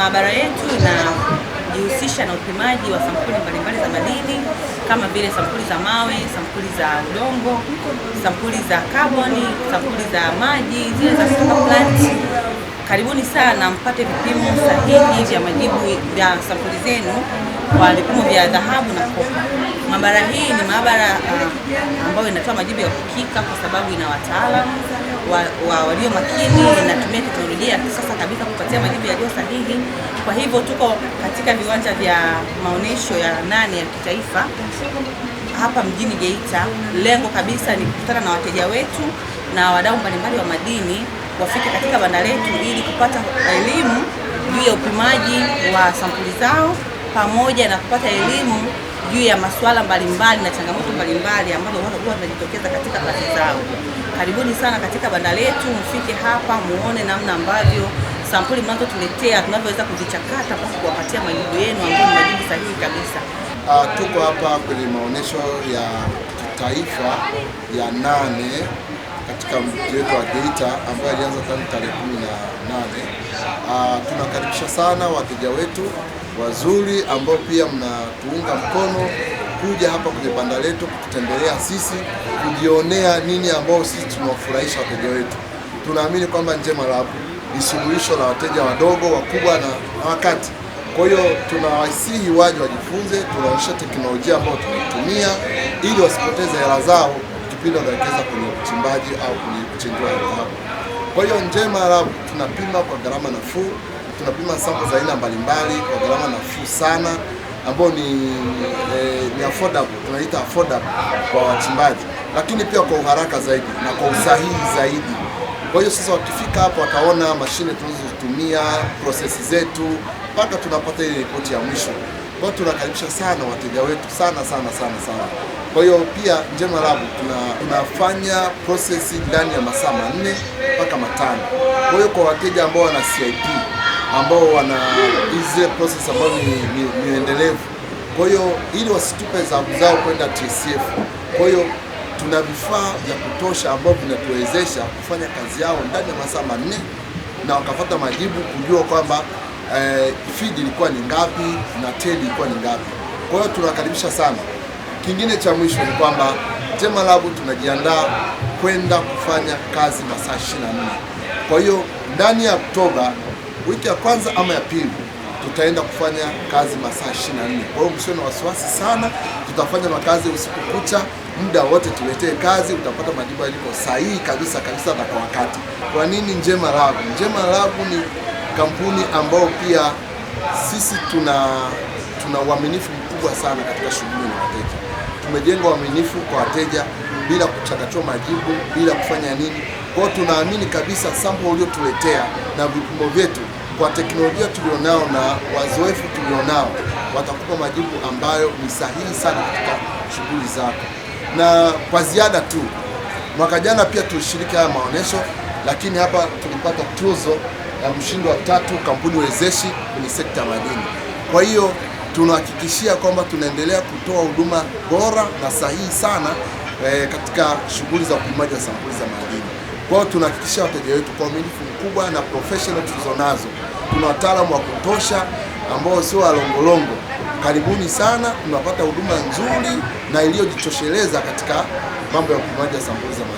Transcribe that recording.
Maabara yetu inajihusisha na upimaji wa sampuli mbalimbali za madini kama vile sampuli za mawe, sampuli za udongo, sampuli za kaboni, sampuli za maji, zile za super plant. Karibuni sana mpate vipimo sahihi vya majibu vya sampuli zenu kwa vipimo vya dhahabu na kopa. Maabara hii ni maabara uh, ambayo inatoa majibu ya uhakika kwa sababu ina wataalamu wa, wa walio makini tumia teknolojia ya kisasa kabisa kupatia majibu yaliyo sahihi. Kwa hivyo tuko katika viwanja vya maonyesho ya nane ya kitaifa hapa mjini Geita. Lengo kabisa ni kukutana na wateja wetu na wadau mbalimbali wa madini wafike katika banda letu ili kupata elimu juu ya upimaji wa sampuli zao pamoja na kupata elimu juu ya masuala mbalimbali na changamoto mbalimbali ambazo huwa zinajitokeza katika kazi zao karibuni sana katika banda letu, mfike hapa muone namna ambavyo sampuli mnazotuletea tunavyoweza kuzichakata kwa kuwapatia majibu yenu ambayo ni majibu sahihi kabisa. Uh, tuko hapa kwenye maonyesho ya kitaifa ya nane katika mji wetu wa Geita ambayo ilianza tangu tarehe kumi na nane. Uh, tunakaribisha sana wateja wetu wazuri ambao pia mnatuunga mkono kuja hapa kwenye banda letu kututembelea sisi, kujionea nini ambao sisi tunawafurahisha wateja wetu. Tunaamini kwamba Njema Lab ni suluhisho la wateja wadogo, wakubwa na, wakati. Kwa hiyo tunawasihi waje wajifunze, tunaonyesha teknolojia ambayo tunaitumia ili wasipoteze hela zao kipindi wanaelekeza kwenye uchimbaji au kwenye kuchenjua hela Kwa hiyo Njema Lab tunapima kwa gharama nafuu, tunapima sampo za aina mbalimbali kwa gharama nafuu sana ambao ni, eh, ni affordable, tunaita affordable kwa wachimbaji, lakini pia kwa uharaka zaidi na kwa usahihi zaidi. Kwa hiyo sasa wakifika hapo wataona mashine tunazotumia, prosesi zetu mpaka tunapata ile ripoti ya mwisho. Kwa hiyo tunakaribisha sana wateja wetu sana sana sana sana. Kwa hiyo pia Njema Lab tuna, tunafanya prosesi ndani ya masaa manne mpaka matano. Kwa hiyo kwa wateja ambao wana CIP ambao wana zile process ambayo ni, ni, ni endelevu. Kwa hiyo ili wasitupe adhabu zao kwenda TCF. Kwa hiyo tuna vifaa vya kutosha ambavyo vinatuwezesha kufanya kazi yao ndani ya masaa manne na wakapata majibu kujua kwamba eh, feed ilikuwa ni ngapi na tail ilikuwa ni ngapi. Kwa hiyo tunawakaribisha sana. Kingine cha mwisho ni kwamba Tema Lab tunajiandaa kwenda kufanya kazi masaa 24. Kwa hiyo ndani ya Oktoba wiki ya kwanza ama ya pili tutaenda kufanya kazi masaa 24. Kwa hiyo msio na wasiwasi sana, tutafanya makazi usiku kucha, muda wote tuletee kazi, utapata majibu yaliko sahihi kabisa kabisa na kwa wakati. Kwa nini Njema Lab? Njema Lab ni kampuni ambayo pia sisi tuna tuna uaminifu mkubwa sana katika shughuli na wateja. Tumejenga uaminifu kwa wateja bila kuchakachua majibu, bila kufanya nini. Kwa hiyo tunaamini kabisa sample uliotuletea na vipimo vyetu kwa teknolojia tulionao na wazoefu tulionao watakupa majibu ambayo ni sahihi sana katika shughuli zako. Na kwa ziada tu, mwaka jana pia tulishiriki haya maonyesho, lakini hapa tulipata tuzo ya mshindi wa tatu, kampuni wezeshi kwenye sekta ya madini. Kwa hiyo tunahakikishia kwamba tunaendelea kutoa huduma bora na sahihi sana eh, katika shughuli za upimaji wa sampuli za madini. Kwa hiyo tunahakikishia wateja wetu kwa umilifu mkubwa na professional tulizonazo kuna wataalamu wa kutosha ambao sio walongolongo. Karibuni sana, tunapata huduma nzuri na iliyojitosheleza katika mambo ya upimaji wa sampuli za